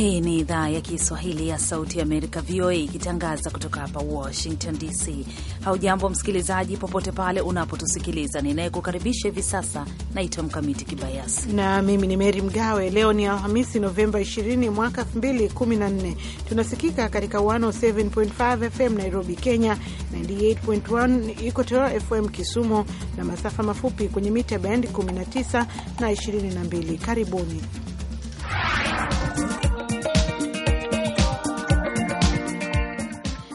Hii ni idhaa ya Kiswahili ya Sauti ya Amerika, VOA, ikitangaza kutoka hapa Washington DC. Haujambo msikilizaji, popote pale unapotusikiliza. Ninayekukaribisha hivi sasa naitwa Mkamiti Kibayasi na mimi ni Meri Mgawe. Leo ni Alhamisi, Novemba 20 mwaka 2014. Tunasikika katika 107.5 FM Nairobi, Kenya, 98.1 Equator FM Kisumu, na masafa mafupi kwenye mita bendi 19 na 22. Karibuni.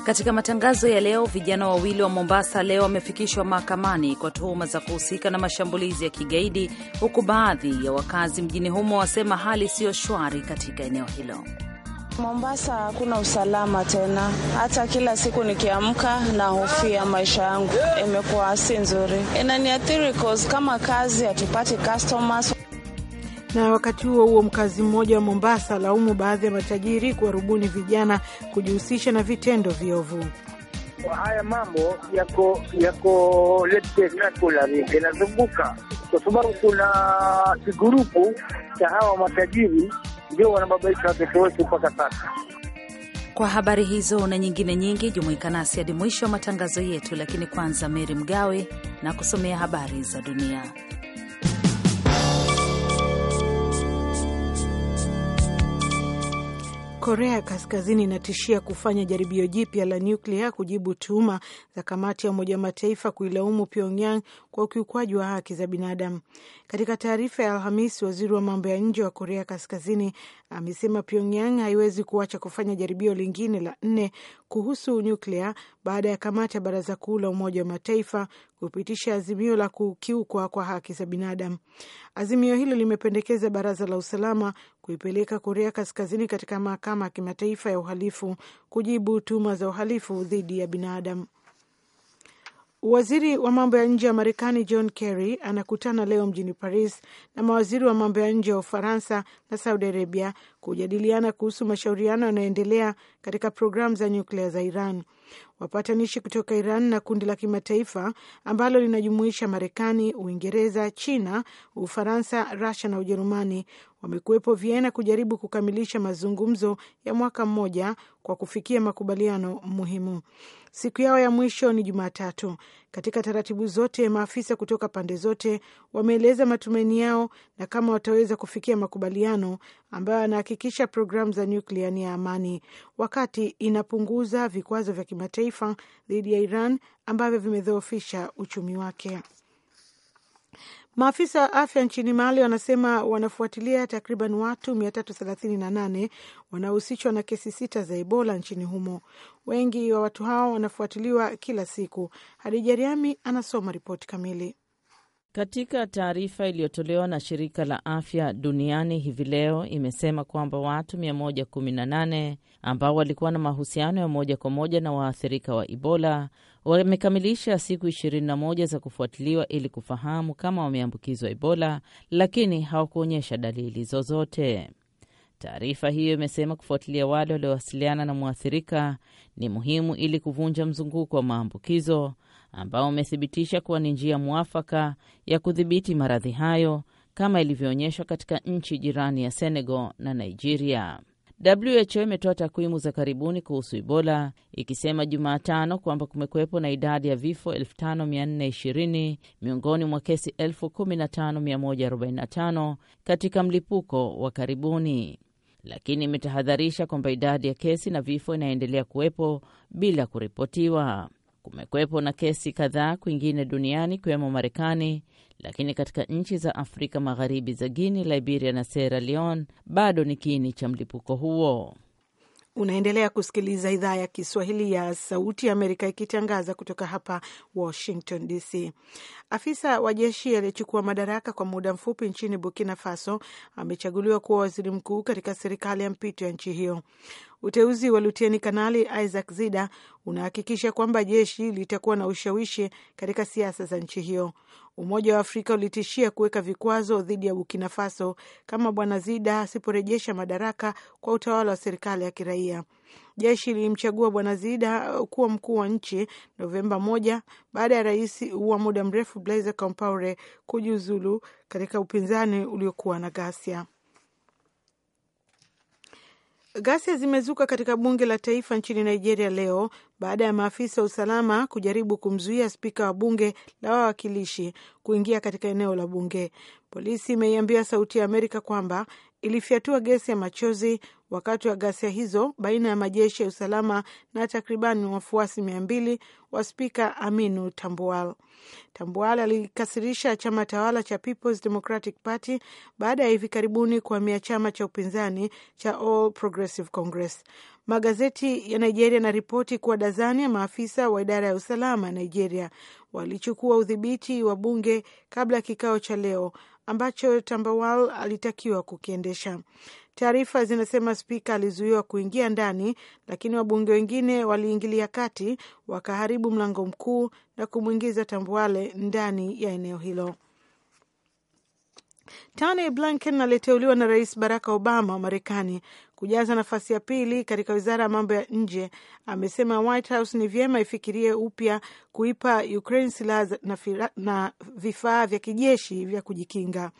Katika matangazo ya leo, vijana wawili wa Mombasa leo wamefikishwa mahakamani kwa tuhuma za kuhusika na mashambulizi ya kigaidi, huku baadhi ya wakazi mjini humo wasema hali siyo shwari katika eneo hilo. Mombasa hakuna usalama tena, hata kila siku nikiamka na hofia maisha yangu, imekuwa si nzuri, inaniathiri cause kama kazi hatupati customers na wakati huo huo, mkazi mmoja wa Mombasa alaumu baadhi ya matajiri kuwarubuni vijana kujihusisha na vitendo viovu. Haya mambo yako yako yanazunguka kwa sababu kuna kigurupu cha hawa matajiri ndio wanababaisha watoto wetu mpaka sasa. Kwa habari hizo na nyingine nyingi, jumuika nasi hadi mwisho wa matangazo yetu, lakini kwanza Meri Mgawe na kusomea habari za dunia. Korea Kaskazini inatishia kufanya jaribio jipya la nyuklia kujibu tuhuma za kamati ya Umoja wa Mataifa kuilaumu Pyongyang kwa ukiukwaji wa haki za binadamu. Katika taarifa ya Alhamisi, waziri wa mambo ya nje wa Korea Kaskazini amesema Pyongyang haiwezi kuacha kufanya jaribio lingine la nne kuhusu nyuklia baada ya kamati ya Baraza Kuu la Umoja wa Mataifa kupitisha azimio la kukiukwa kwa haki za binadamu. Azimio hilo limependekeza Baraza la Usalama kuipeleka Korea Kaskazini katika Mahakama ya Kimataifa ya Uhalifu kujibu tuhuma za uhalifu dhidi ya binadamu. Waziri wa mambo ya nje wa Marekani John Kerry anakutana leo mjini Paris na mawaziri wa mambo ya nje wa Ufaransa na Saudi Arabia kujadiliana kuhusu mashauriano yanayoendelea katika programu za nyuklia za Iran. Wapatanishi kutoka Iran na kundi la kimataifa ambalo linajumuisha Marekani, Uingereza, China, Ufaransa, Rusia na Ujerumani wamekuwepo Viena kujaribu kukamilisha mazungumzo ya mwaka mmoja kwa kufikia makubaliano muhimu. Siku yao ya mwisho ni Jumatatu katika taratibu zote, maafisa kutoka pande zote wameeleza matumaini yao na kama wataweza kufikia makubaliano ambayo yanahakikisha programu za nyuklia ni ya amani, wakati inapunguza vikwazo vya kimataifa dhidi ya Iran ambavyo vimedhoofisha uchumi wake. Maafisa wa afya nchini Mali wanasema wanafuatilia takriban watu 338 wanaohusishwa na kesi sita za Ebola nchini humo. Wengi wa watu hao wanafuatiliwa kila siku. Hadija Riami anasoma ripoti kamili. Katika taarifa iliyotolewa na shirika la afya duniani hivi leo imesema kwamba watu 118 ambao walikuwa na mahusiano ya moja kwa moja na waathirika wa Ebola wamekamilisha siku 21 za kufuatiliwa ili kufahamu kama wameambukizwa Ebola, lakini hawakuonyesha dalili zozote. Taarifa hiyo imesema kufuatilia wale waliowasiliana na mwathirika ni muhimu ili kuvunja mzunguko wa maambukizo ambao umethibitisha kuwa ni njia mwafaka ya kudhibiti maradhi hayo kama ilivyoonyeshwa katika nchi jirani ya Senegal na Nigeria. WHO imetoa takwimu za karibuni kuhusu Ebola ikisema Jumatano kwamba kumekuwepo na idadi ya vifo 5420 miongoni mwa kesi 15145 katika mlipuko wa karibuni, lakini imetahadharisha kwamba idadi ya kesi na vifo inaendelea kuwepo bila kuripotiwa. Kumekwepo na kesi kadhaa kwingine duniani ikiwemo Marekani lakini katika nchi za Afrika Magharibi za Guini, Liberia na Sierra Leone bado ni kiini cha mlipuko huo. Unaendelea kusikiliza idhaa ya Kiswahili ya Sauti ya Amerika ikitangaza kutoka hapa Washington DC. Afisa wa jeshi aliyechukua madaraka kwa muda mfupi nchini Burkina Faso amechaguliwa kuwa waziri mkuu katika serikali ya mpito ya nchi hiyo. Uteuzi wa luteni kanali Isaac Zida unahakikisha kwamba jeshi litakuwa na ushawishi katika siasa za nchi hiyo. Umoja wa Afrika ulitishia kuweka vikwazo dhidi ya Burkina Faso kama Bwana Zida asiporejesha madaraka kwa utawala wa serikali ya kiraia. Jeshi lilimchagua Bwana Zida kuwa mkuu wa nchi Novemba moja baada ya rais wa muda mrefu Blaise Compaore kujiuzulu katika upinzani uliokuwa na ghasia. Ghasia zimezuka katika bunge la taifa nchini Nigeria leo baada ya maafisa wa usalama kujaribu kumzuia spika wa bunge la wawakilishi kuingia katika eneo la bunge. Polisi imeiambia Sauti ya Amerika kwamba ilifyatua gesi ya machozi wakati wa ghasia hizo baina ya majeshi ya usalama na takribani wafuasi mia mbili wa spika Aminu tambual Tambual alikasirisha chama tawala cha Peoples Democratic Party baada ya hivi karibuni kuhamia chama cha upinzani cha All Progressive Congress. Magazeti ya Nigeria yanaripoti kuwa dazani ya maafisa wa idara ya usalama ya Nigeria walichukua udhibiti wa bunge kabla ya kikao cha leo ambacho Tambawal alitakiwa kukiendesha. Taarifa zinasema spika alizuiwa kuingia ndani, lakini wabunge wengine waliingilia kati, wakaharibu mlango mkuu na kumwingiza tambuale ndani ya eneo hilo. Tony Blinken aliteuliwa na Rais Barack Obama wa Marekani kujaza nafasi ya pili katika wizara ya mambo ya nje. Amesema White House ni vyema ifikirie upya kuipa Ukraine silaha na, na vifaa vya kijeshi vya kujikinga.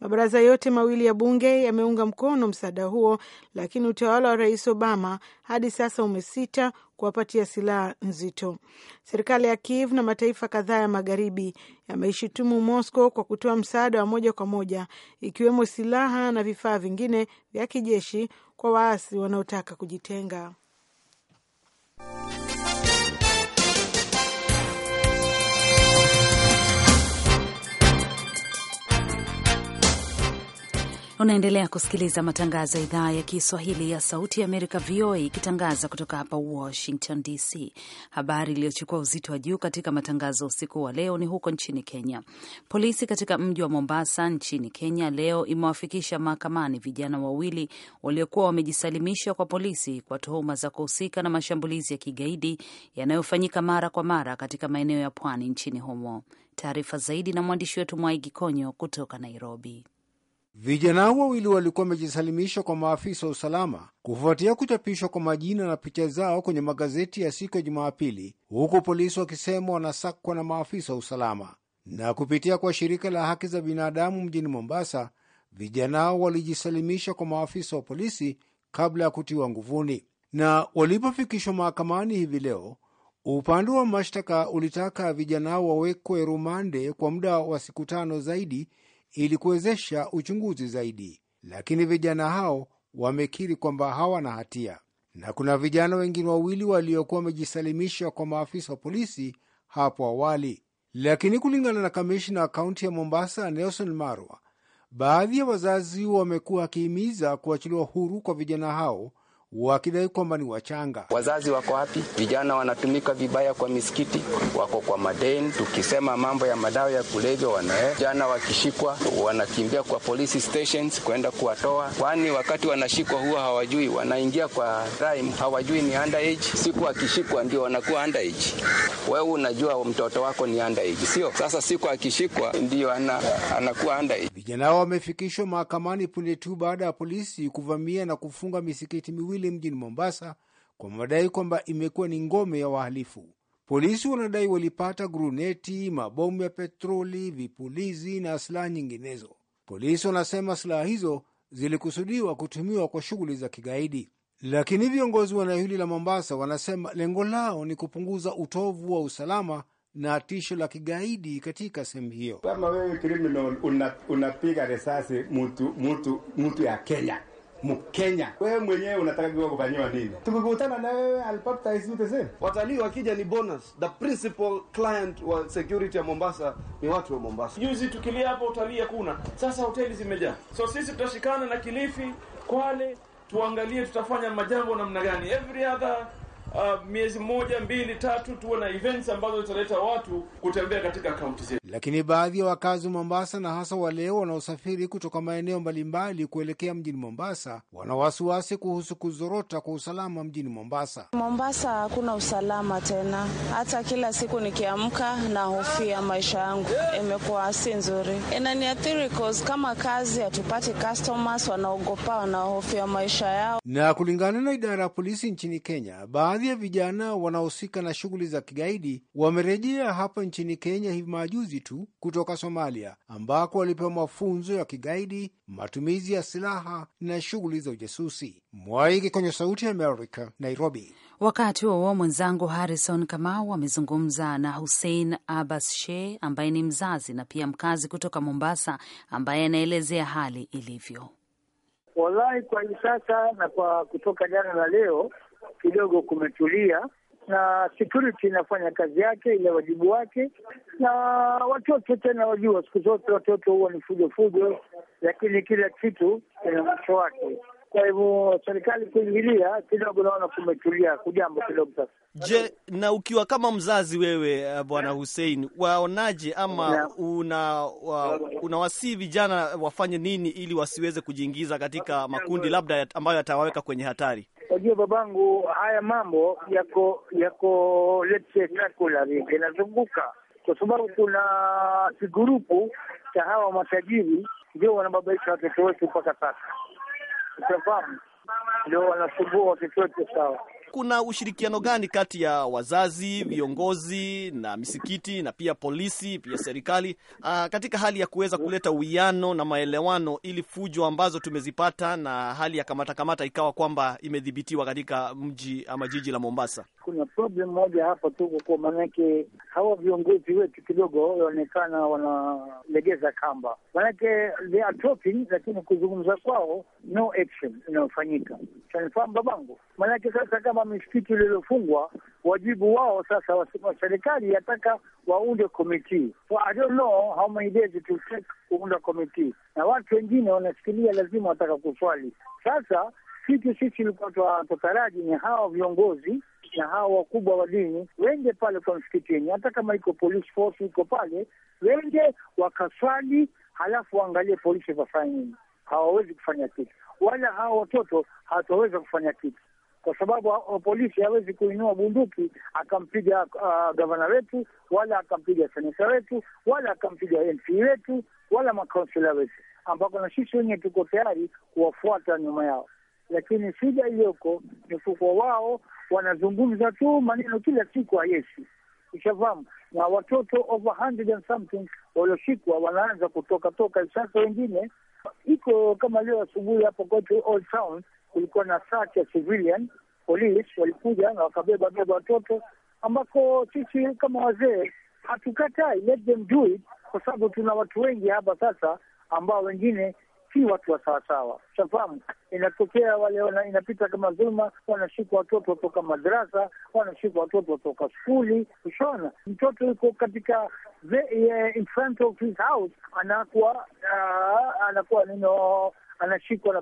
Mabaraza yote mawili ya bunge yameunga mkono msaada huo, lakini utawala wa Rais Obama hadi sasa umesita kuwapatia silaha nzito. Serikali ya Kiev na mataifa kadhaa ya magharibi yameishutumu Moscow kwa kutoa msaada wa moja kwa moja, ikiwemo silaha na vifaa vingine vya kijeshi kwa waasi wanaotaka kujitenga. Unaendelea kusikiliza matangazo ya idhaa ya Kiswahili ya Sauti ya Amerika, VOA, ikitangaza kutoka hapa Washington DC. Habari iliyochukua uzito wa juu katika matangazo usiku wa leo ni huko nchini Kenya. Polisi katika mji wa Mombasa nchini Kenya leo imewafikisha mahakamani vijana wawili waliokuwa wamejisalimisha kwa polisi kwa tuhuma za kuhusika na mashambulizi ya kigaidi yanayofanyika mara kwa mara katika maeneo ya pwani nchini humo. Taarifa zaidi na mwandishi wetu Mwaigi Konyo kutoka Nairobi. Vijana hao wawili walikuwa wamejisalimisha kwa maafisa wa usalama kufuatia kuchapishwa kwa majina na picha zao kwenye magazeti ya siku ya Jumapili, huku polisi wakisema wanasakwa na maafisa wa usalama. Na kupitia kwa shirika la haki za binadamu mjini Mombasa, vijana hao walijisalimisha kwa maafisa wa polisi kabla ya kutiwa nguvuni, na walipofikishwa mahakamani hivi leo, upande wa mashtaka ulitaka vijana hao wawekwe rumande kwa muda wa siku tano zaidi ili kuwezesha uchunguzi zaidi, lakini vijana hao wamekiri kwamba hawana hatia, na kuna vijana wengine wawili waliokuwa wamejisalimisha kwa maafisa wa polisi hapo awali. Lakini kulingana na kamishna wa kaunti ya Mombasa, Nelson Marwa, baadhi ya wazazi wamekuwa wakihimiza kuachiliwa huru kwa vijana hao wakidai kwamba ni wachanga. Wazazi wako wapi? Vijana wanatumika vibaya kwa misikiti, wako kwa madeni. Tukisema mambo ya madawa ya kulevya, wanae vijana wakishikwa wanakimbia kwa police stations kwenda kuwatoa, kwani wakati wanashikwa huwa hawajui, wanaingia kwa crime, hawajui ni underage. Siku akishikwa ndio wanakuwa underage. Wewe unajua mtoto wako ni underage, sio? Sasa siku akishikwa ndio ana, anakuwa underage. Vijana hao wamefikishwa mahakamani punde tu baada ya polisi kuvamia na kufunga misikiti miwili miwili mjini Mombasa kwa madai kwamba imekuwa ni ngome ya wahalifu. Polisi wanadai walipata gruneti, mabomu ya petroli, vipulizi na silaha nyinginezo. Polisi wanasema silaha hizo zilikusudiwa kutumiwa kwa shughuli za kigaidi, lakini viongozi wa eneo hili la Mombasa wanasema lengo lao ni kupunguza utovu wa usalama na tisho la kigaidi katika sehemu hiyo. Kama wewe criminal unapiga una risasi mtu mtu mtu ya Kenya Mkenya, wewe mwenyewe unataka kufanyiwa nini? Tukikutana na wewe alpactice utesema, watalii wakija ni bonus. The principal client wa security ya Mombasa ni watu wa Mombasa. Juzi tukilia hapo, utalii hakuna, sasa hoteli zimejaa. So sisi tutashikana na Kilifi, Kwale, tuangalie tutafanya majambo namna gani every other Uh, miezi moja mbili tatu tuwe na events ambazo zitaleta watu kutembea katika kaunti zetu lakini baadhi ya wa wakazi wa Mombasa na hasa wale wanaosafiri kutoka maeneo mbalimbali kuelekea mjini Mombasa wana wasiwasi kuhusu kuzorota kwa usalama mjini Mombasa. Mombasa hakuna usalama tena, hata kila siku nikiamka na hofia maisha yangu, imekuwa si nzuri, inaniathiri kama kazi hatupati customers, wanaogopa wanaohofia maisha yao. Na kulingana na idara ya polisi nchini Kenya, baadhi ya vijana wanaohusika na shughuli za kigaidi wamerejea hapa nchini Kenya hivi majuzi misitu kutoka Somalia ambako walipewa mafunzo ya kigaidi, matumizi ya silaha na shughuli za ujasusi. Mwaiki kwenye Sauti ya Amerika, Nairobi. Wakati huo mwenzangu Harrison Kamau amezungumza na Hussein Abbas She ambaye ni mzazi na pia mkazi kutoka Mombasa, ambaye anaelezea hali ilivyo. Wallahi, kwa hivi sasa na kwa kutoka jana la leo kidogo kumetulia, na security inafanya kazi yake ile wajibu wake, na watoto tena, wajua siku zote watoto huwa ni fujo fujo, lakini kila kitu kina mwisho wake. Kwa hivyo serikali kuingilia kidogo, naona kumetulia kujambo kidogo sasa. Je, na ukiwa kama mzazi wewe, eh, bwana Hussein, waonaje ama una wa, unawasii vijana wafanye nini ili wasiweze kujiingiza katika makundi labda ambayo yatawaweka kwenye hatari? Wajua babangu, haya mambo yako yako let's say circular, yanazunguka kwa sababu kuna kigurupu cha hawa matajiri ndio wanababaisha watoto wetu mpaka sasa, utafahamu, ndio wanasumbua watoto wetu. Sawa kuna ushirikiano gani kati ya wazazi, viongozi na misikiti na pia polisi, pia serikali uh, katika hali ya kuweza kuleta uwiano na maelewano ili fujo ambazo tumezipata na hali ya kamata kamata ikawa kwamba imedhibitiwa katika mji ama jiji la Mombasa? Kuna problem moja hapa tu kwa, manake hawa viongozi wetu kidogo waonekana wanalegeza kamba, manake they are talking, lakini kuzungumza kwao no action inayofanyika. Shanifahamu babangu, manake sasa kama misikiti uliofungwa, wajibu wao sasa, wasema serikali yataka waunde komiti. So I don't know how many days it will take kuunda komiti, na watu wengine wanashikilia lazima wataka kuswali. Sasa kitu sisi ilikuwa twataraji ni hawa viongozi na hawa wakubwa wa dini wende pale kwa msikitini, hata kama iko police force iko pale, wende wakaswali, halafu waangalie polisi wafanya nini. Hawawezi kufanya kitu, wala hawa watoto hawataweza kufanya kitu kwa sababu uh, polisi hawezi kuinua bunduki akampiga uh, gavana wetu wala akampiga seneta wetu wala akampiga MP wetu wala makaunsila wetu, ambako na sisi wenyewe tuko tayari kuwafuata nyuma yao, lakini shida iliyoko ni wao wanazungumza tu maneno kila siku hayeshi Ushafahamu, na watoto over hundred and something walioshikwa wanaanza kutoka toka sasa. Wengine iko kama leo asubuhi hapo kwetu Old Town kulikuwa na search ya civilian police, walikuja na wakabeba beba watoto, ambako sisi kama wazee hatukatai, let them do it, kwa sababu tuna watu wengi hapa sasa ambao wengine si watu wa sawasawa. Shafahamu inatokea wale wana, inapita kama dhuluma, wanashika watoto watoka madarasa, wanashika watoto watoka skuli. Ushaona mtoto yuko katika eh, in front of his house, anakuwa uh, anakuwa nino oh, anashikwa na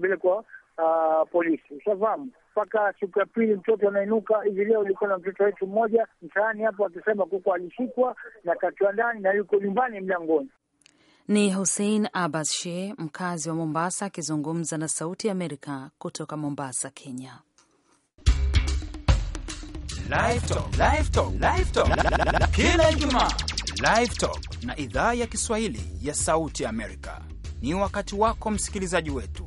uh, polisi. Ushafahamu, mpaka siku ya pili mtoto anainuka hivi leo. Ulikuwa na mtoto wetu mmoja mtaani hapo akisema kuku alishikwa na katiwa ndani na yuko nyumbani mlangoni. Ni Hussein Abbas She, mkazi wa Mombasa, akizungumza na Sauti ya Amerika kutoka Mombasa, Kenya. Kila Ijumaa na idhaa ya Kiswahili ya Sauti ya Amerika ni wakati wako msikilizaji wetu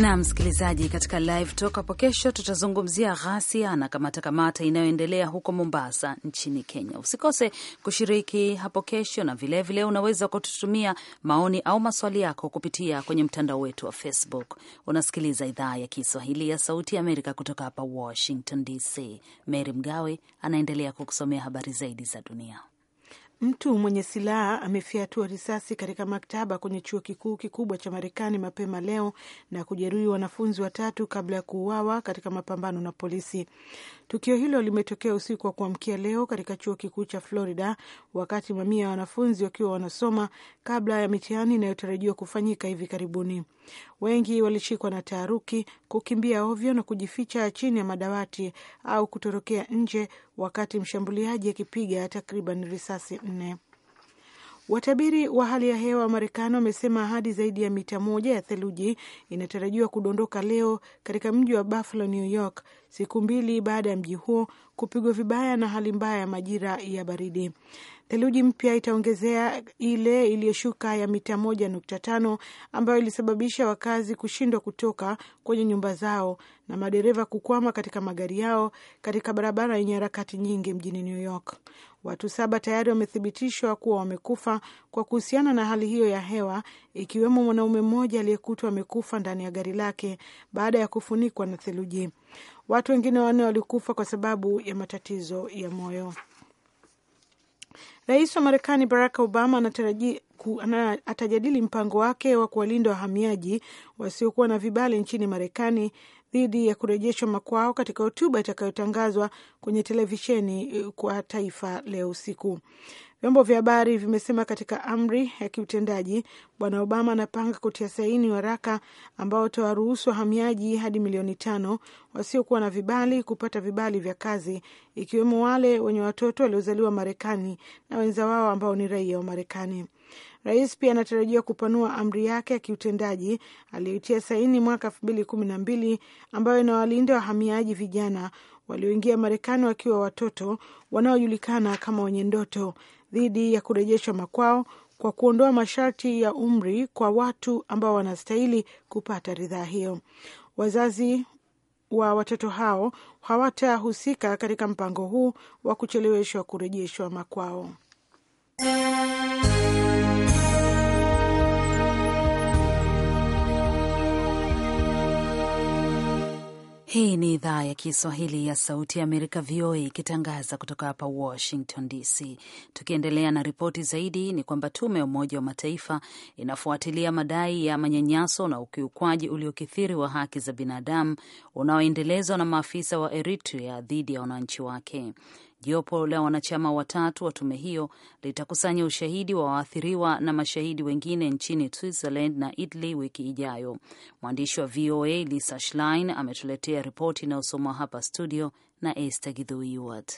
na msikilizaji, katika live talk hapo kesho tutazungumzia ghasia na kamata kamata inayoendelea huko Mombasa nchini Kenya. Usikose kushiriki hapo kesho, na vilevile vile unaweza kututumia maoni au maswali yako kupitia kwenye mtandao wetu wa Facebook. Unasikiliza idhaa ya Kiswahili ya Sauti ya Amerika kutoka hapa Washington DC. Mary Mgawe anaendelea kukusomea habari zaidi za dunia. Mtu mwenye silaha amefyatua risasi katika maktaba kwenye chuo kikuu kikubwa cha Marekani mapema leo na kujeruhi wanafunzi watatu kabla ya kuuawa katika mapambano na polisi. Tukio hilo limetokea usiku wa kuamkia leo katika chuo kikuu cha Florida, wakati mamia ya wanafunzi wakiwa wanasoma kabla ya mitihani inayotarajiwa kufanyika hivi karibuni. Wengi walishikwa na taharuki, kukimbia ovyo na kujificha chini ya madawati au kutorokea nje, wakati mshambuliaji akipiga takriban risasi nne. Watabiri wa hali ya hewa wa Marekani wamesema hadi zaidi ya mita moja ya theluji inatarajiwa kudondoka leo katika mji wa Buffalo, New York, siku mbili baada ya mji huo kupigwa vibaya na hali mbaya ya majira ya baridi. Theluji mpya itaongezea ile iliyoshuka ya mita moja nukta tano ambayo ilisababisha wakazi kushindwa kutoka kwenye nyumba zao na madereva kukwama katika magari yao katika barabara yenye harakati nyingi mjini New York. Watu saba tayari wamethibitishwa kuwa wamekufa kwa kuhusiana na hali hiyo ya hewa, ikiwemo mwanaume mmoja aliyekutwa amekufa ndani ya gari lake baada ya kufunikwa na theluji. Watu wengine wanne walikufa kwa sababu ya matatizo ya moyo. Rais wa Marekani Barack Obama anataraji, na atajadili mpango wake wa kuwalinda wahamiaji wasiokuwa na vibali nchini Marekani dhidi ya kurejeshwa makwao katika hotuba itakayotangazwa kwenye televisheni eh, kwa taifa leo usiku. Vyombo vya habari vimesema katika amri ya kiutendaji Bwana Obama anapanga kutia saini waraka ambao utawaruhusu wahamiaji hadi milioni tano wasiokuwa na vibali kupata vibali vya kazi, ikiwemo wale wenye watoto waliozaliwa Marekani na wenza wao ambao ni raia wa Marekani. Rais pia anatarajia kupanua amri yake ya kiutendaji aliyoitia saini mwaka elfu mbili kumi na mbili ambayo inawalinda wahamiaji vijana walioingia Marekani wakiwa watoto wanaojulikana kama wenye ndoto dhidi ya kurejeshwa makwao kwa kuondoa masharti ya umri kwa watu ambao wanastahili kupata ridhaa hiyo. Wazazi wa watoto hao hawatahusika katika mpango huu wa kucheleweshwa kurejeshwa makwao. Hii ni idhaa ya Kiswahili ya Sauti ya Amerika, VOA, ikitangaza kutoka hapa Washington DC. Tukiendelea na ripoti zaidi, ni kwamba tume ya Umoja wa Mataifa inafuatilia madai ya manyanyaso na ukiukwaji uliokithiri wa haki za binadamu unaoendelezwa na maafisa wa Eritrea dhidi ya wananchi wake. Jopo la wanachama watatu wa tume hiyo litakusanya ushahidi wa waathiriwa na mashahidi wengine nchini Switzerland na Italy wiki ijayo. Mwandishi wa VOA Lisa Schlein ametuletea ripoti inayosomwa hapa studio na Esther Githuiwat.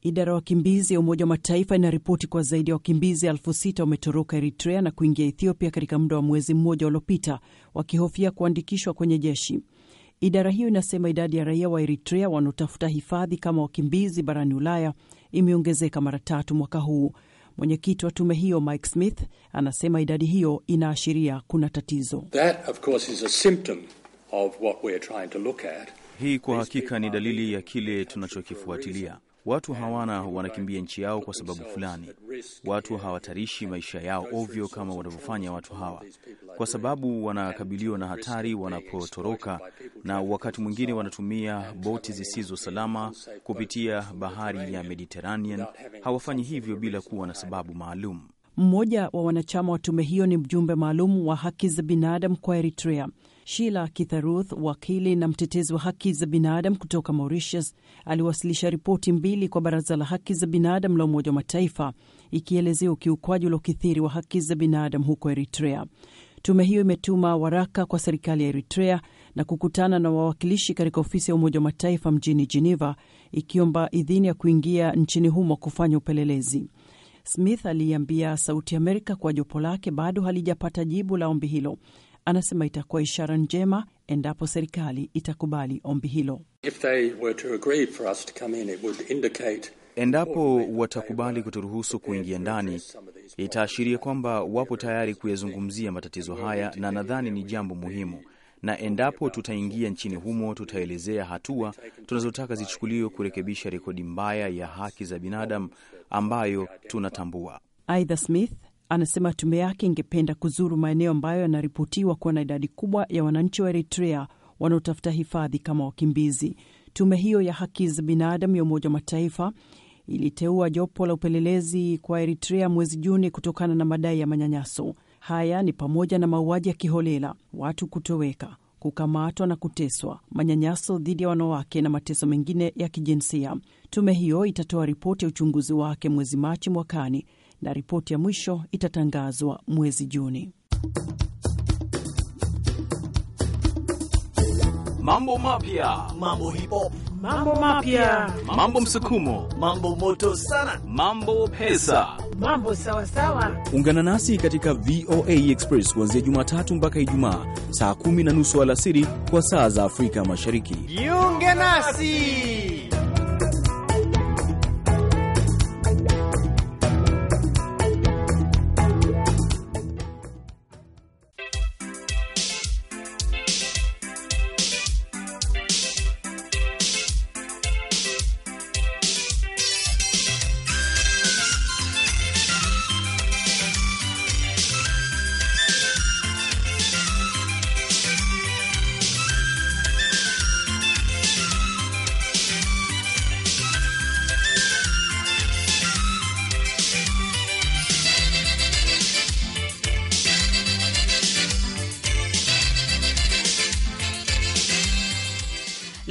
Idara ya wakimbizi ya Umoja wa Mataifa inaripoti kwa zaidi ya wakimbizi elfu sita wametoroka Eritrea na kuingia Ethiopia katika muda wa mwezi mmoja uliopita, wakihofia kuandikishwa kwenye jeshi. Idara hiyo inasema idadi ya raia wa Eritrea wanaotafuta hifadhi kama wakimbizi barani Ulaya imeongezeka mara tatu mwaka huu. Mwenyekiti wa tume hiyo Mike Smith anasema idadi hiyo inaashiria kuna tatizo. That of course is a symptom of what we're trying to look at. Hii kwa hakika ni dalili ya kile tunachokifuatilia. Watu hawana wanakimbia nchi yao kwa sababu fulani. Watu hawatarishi maisha yao ovyo kama wanavyofanya watu hawa, kwa sababu wanakabiliwa na hatari wanapotoroka, na wakati mwingine wanatumia boti zisizo salama kupitia bahari ya Mediterranean. Hawafanyi hivyo bila kuwa na sababu maalum. Mmoja wa wanachama wa tume hiyo ni mjumbe maalum wa haki za binadamu kwa Eritrea Sheila Kitharuth, wakili na mtetezi wa haki za binadamu kutoka Mauritius, aliwasilisha ripoti mbili kwa Baraza la Haki za Binadamu la Umoja wa Mataifa ikielezea ukiukwaji uliokithiri wa haki za binadamu huko Eritrea. Tume hiyo imetuma waraka kwa serikali ya Eritrea na kukutana na wawakilishi katika ofisi ya Umoja wa Mataifa mjini Geneva, ikiomba idhini ya kuingia nchini humo kufanya upelelezi. Smith aliiambia Sauti Amerika kwa jopo lake bado halijapata jibu la ombi hilo, anasema itakuwa ishara njema endapo serikali itakubali ombi hilo. Endapo watakubali kuturuhusu kuingia ndani, itaashiria kwamba wapo tayari kuyazungumzia matatizo haya, na nadhani ni jambo muhimu. Na endapo tutaingia nchini humo, tutaelezea hatua tunazotaka zichukuliwe kurekebisha rekodi mbaya ya haki za binadamu ambayo tunatambua. Aidha, Smith Anasema tume yake ingependa kuzuru maeneo ambayo yanaripotiwa kuwa na idadi kubwa ya wananchi wa Eritrea wanaotafuta hifadhi kama wakimbizi. Tume hiyo ya haki za binadamu ya Umoja wa Mataifa iliteua jopo la upelelezi kwa Eritrea mwezi Juni kutokana na madai ya manyanyaso. Haya ni pamoja na mauaji ya kiholela, watu kutoweka, kukamatwa na kuteswa, manyanyaso dhidi ya wanawake na mateso mengine ya kijinsia. Tume hiyo itatoa ripoti ya uchunguzi wake mwezi Machi mwakani na ripoti ya mwisho itatangazwa mwezi Juni. Mambo mapya, mambo hipo, mambo mapya, mambo msukumo, mambo moto sana, mambo pesa, mambo sawasawa. Ungana nasi katika VOA Express kuanzia Jumatatu mpaka Ijumaa saa kumi na nusu alasiri kwa saa za Afrika Mashariki. Jiunge nasi.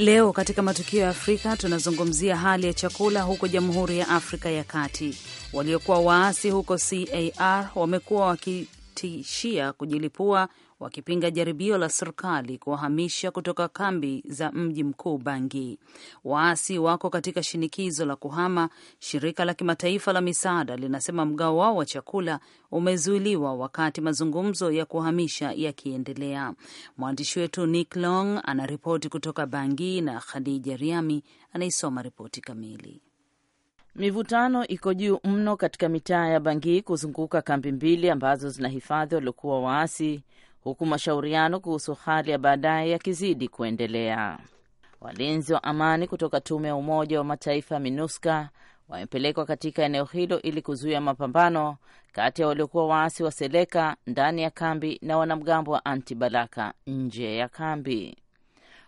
Leo katika matukio ya Afrika tunazungumzia hali ya chakula huko Jamhuri ya Afrika ya Kati. Waliokuwa waasi huko CAR wamekuwa wakitishia kujilipua wakipinga jaribio la serikali kuwahamisha kutoka kambi za mji mkuu Bangi. Waasi wako katika shinikizo la kuhama. Shirika la kimataifa la misaada linasema mgao wao wa chakula umezuiliwa wakati mazungumzo ya kuhamisha yakiendelea. Mwandishi wetu Nick Long anaripoti kutoka Bangi na Khadija Riami anaisoma ripoti kamili. Mivutano iko juu mno katika mitaa ya Bangi kuzunguka kambi mbili ambazo zinahifadhi waliokuwa waasi huku mashauriano kuhusu hali ya baadaye yakizidi kuendelea. Walinzi wa amani kutoka tume ya Umoja wa Mataifa MINUSCA wamepelekwa katika eneo hilo ili kuzuia mapambano kati ya waliokuwa waasi wa Seleka ndani ya kambi na wanamgambo wa Antibalaka nje ya kambi.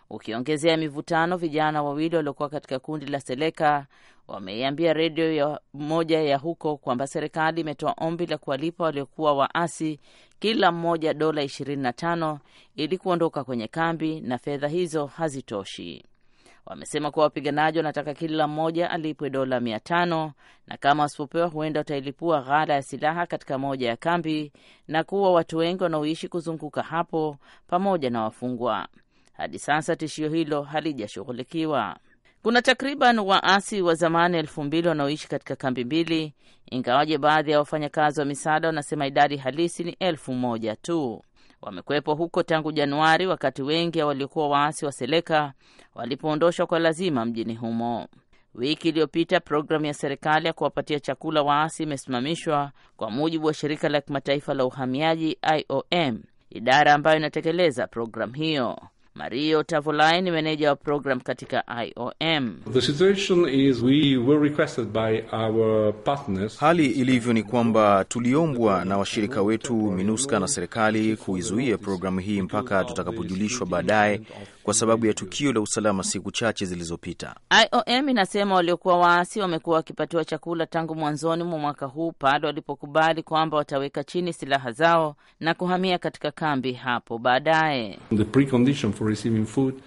Ukiongezea mivutano, vijana wawili waliokuwa katika kundi la Seleka wameiambia redio moja ya huko kwamba serikali imetoa ombi la kuwalipa waliokuwa waasi kila mmoja dola 25 ili kuondoka kwenye kambi, na fedha hizo hazitoshi. Wamesema kuwa wapiganaji wanataka kila mmoja alipwe dola 500 na kama wasipopewa, huenda watailipua ghala ya silaha katika moja ya kambi na kuwa watu wengi wanaoishi kuzunguka hapo pamoja na wafungwa. Hadi sasa tishio hilo halijashughulikiwa. Kuna takriban waasi wa zamani elfu mbili wanaoishi katika kambi mbili, ingawaje baadhi ya wafanyakazi wa misaada wanasema idadi halisi ni elfu moja tu. Wamekwepo huko tangu Januari, wakati wengi waliokuwa waasi wa Seleka walipoondoshwa kwa lazima mjini humo. Wiki iliyopita programu ya serikali ya kuwapatia chakula waasi imesimamishwa kwa mujibu wa shirika la kimataifa la uhamiaji IOM, idara ambayo inatekeleza programu hiyo. Mario Tavolai ni meneja wa program katika IOM. The situation is we were requested by our partners. Hali ilivyo ni kwamba tuliombwa na washirika wetu MINUSCA na serikali kuizuia programu hii mpaka tutakapojulishwa baadaye kwa sababu ya tukio la usalama siku chache zilizopita. IOM inasema waliokuwa waasi wamekuwa wakipatiwa chakula tangu mwanzoni mwa mwaka huu pale walipokubali kwamba wataweka chini silaha zao na kuhamia katika kambi hapo baadaye.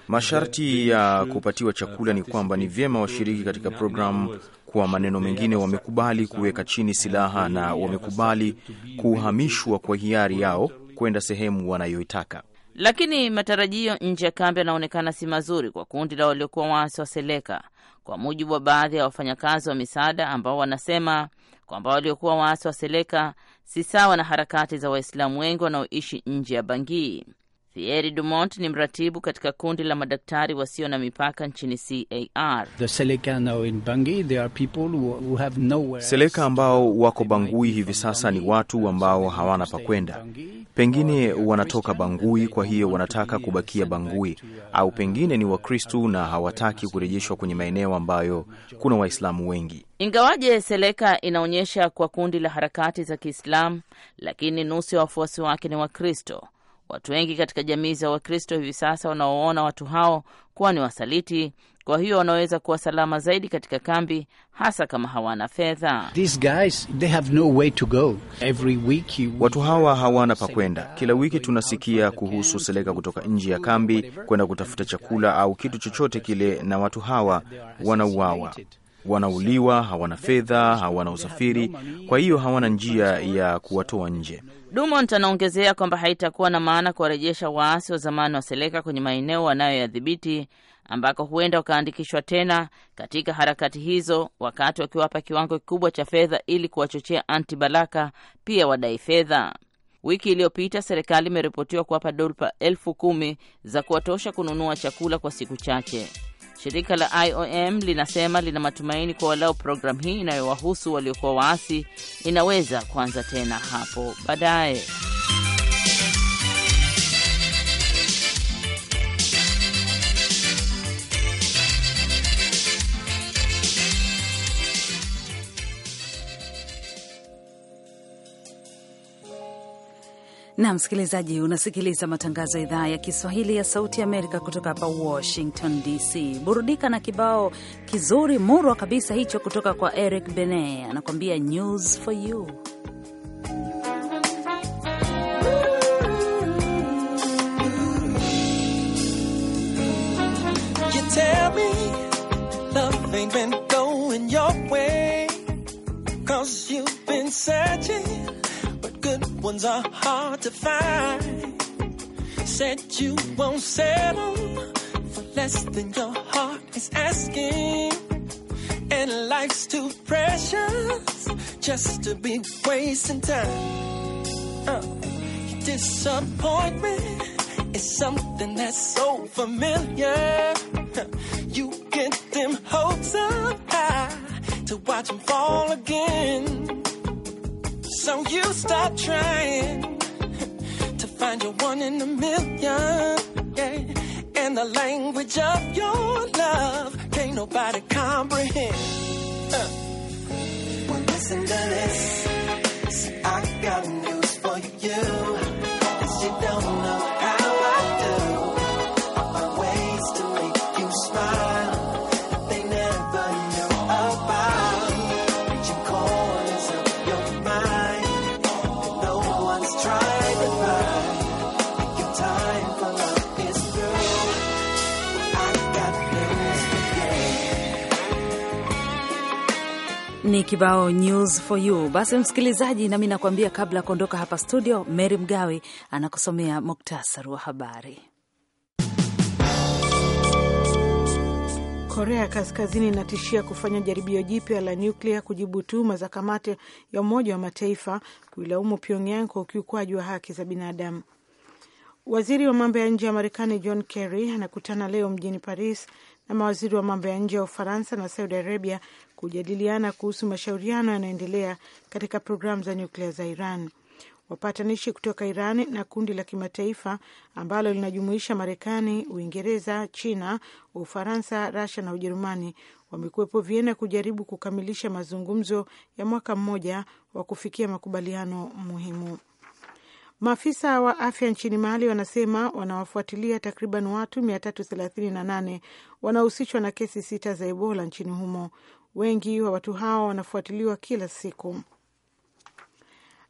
Masharti ya kupatiwa chakula ni kwamba ni vyema washiriki katika programu kwa maneno mengine, wamekubali kuweka chini silaha na wamekubali kuhamishwa kwa hiari yao kwenda sehemu wanayoitaka. Lakini matarajio nje ya kambi yanaonekana si mazuri kwa kundi la waliokuwa waasi wa Seleka, kwa mujibu wa baadhi ya wafanyakazi wa misaada ambao wanasema kwamba waliokuwa waasi wa Seleka si sawa na harakati za Waislamu wengi wanaoishi nje ya Bangui. Thierry Dumont ni mratibu katika kundi la madaktari wasio na mipaka nchini CAR. The Seleka, now in Bangui, there are people who have nowhere... Seleka ambao wako Bangui hivi sasa ni watu ambao hawana pa kwenda, pengine wanatoka Bangui, kwa hiyo wanataka kubakia Bangui, uh, au pengine ni Wakristu na hawataki kurejeshwa kwenye maeneo ambayo kuna Waislamu wengi. Ingawaje Seleka inaonyesha kwa kundi la harakati za Kiislamu, lakini nusu ya wafuasi wake ni Wakristo. Watu wengi katika jamii za Wakristo hivi sasa wanaoona watu hao kuwa ni wasaliti, kwa hiyo wanaweza kuwa salama zaidi katika kambi, hasa kama hawana fedha. No, watu hawa hawana pa kwenda. Kila wiki tunasikia kuhusu Seleka kutoka nje ya kambi kwenda kutafuta chakula au kitu chochote kile, na watu hawa wanauawa wanauliwa, hawana fedha, hawana usafiri, kwa hiyo hawana njia ya kuwatoa nje. Dumont anaongezea kwamba haitakuwa na maana kuwarejesha waasi wa zamani wa Seleka kwenye maeneo wanayoyadhibiti ambako huenda wakaandikishwa tena katika harakati hizo, wakati wakiwapa kiwango kikubwa cha fedha ili kuwachochea anti balaka pia wadai fedha. Wiki iliyopita serikali imeripotiwa kuwapa dolpa elfu kumi za kuwatosha kununua chakula kwa siku chache. Shirika la IOM linasema lina matumaini kwa walau programu hii inayowahusu waliokuwa waasi inaweza kuanza tena hapo baadaye. na msikilizaji, unasikiliza matangazo ya idhaa ya Kiswahili ya Sauti Amerika kutoka hapa Washington DC. Burudika na kibao kizuri murwa kabisa hicho kutoka kwa Eric Bene, anakuambia news for you. you ones are hard to find. Said you won't settle for less than your heart is asking. And life's too precious just to be wasting time. Uh, disappointment is something that's so familiar. Uh, you get them hopes up high to watch them fall again so you stop trying to find your one in a million. Yeah. And the language of your love can't nobody comprehend. Uh. Well, listen to this. See, I got news for you. ni kibao news for you. Basi msikilizaji, nami nakuambia kabla ya kuondoka hapa studio, Mary Mgawe anakusomea muktasari wa habari. Korea Kaskazini inatishia kufanya jaribio jipya la nyuklia kujibu tuhuma za kamati ya Umoja wa Mataifa kuilaumu Pyongyang kwa ukiukwaji wa haki za binadamu. Waziri wa mambo ya nje ya Marekani John Kerry anakutana leo mjini Paris na mawaziri wa mambo ya nje ya Ufaransa na Saudi Arabia kujadiliana kuhusu mashauriano yanayoendelea katika programu za nyuklia za Iran. Wapatanishi kutoka Iran na kundi la kimataifa ambalo linajumuisha Marekani, Uingereza, China, Ufaransa, Rasia na Ujerumani wamekuwepo Viena kujaribu kukamilisha mazungumzo ya mwaka mmoja wa kufikia makubaliano muhimu. Maafisa wa afya nchini Mali wanasema wanawafuatilia takriban watu 338 wanahusishwa na kesi sita za Ebola nchini humo Wengi wa watu hao wanafuatiliwa kila siku.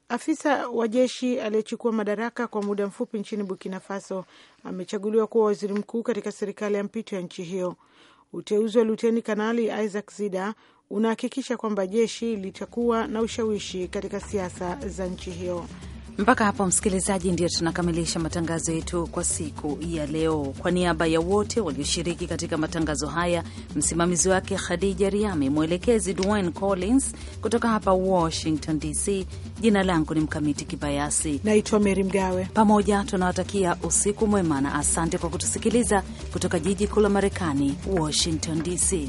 Afisa wa jeshi aliyechukua madaraka kwa muda mfupi nchini Burkina Faso amechaguliwa kuwa waziri mkuu katika serikali ya mpito ya nchi hiyo. Uteuzi wa luteni kanali Isaac Zida unahakikisha kwamba jeshi litakuwa na ushawishi katika siasa za nchi hiyo. Mpaka hapo msikilizaji, ndiyo tunakamilisha matangazo yetu kwa siku ya leo. Kwa niaba ya wote walioshiriki katika matangazo haya, msimamizi wake Khadija Riami, mwelekezi Dwayne Collins, kutoka hapa Washington DC, jina langu ni Mkamiti Kibayasi, naitwa Meri Mgawe. Pamoja tunawatakia usiku mwema na asante kwa kutusikiliza kutoka jiji kuu la Marekani, Washington DC.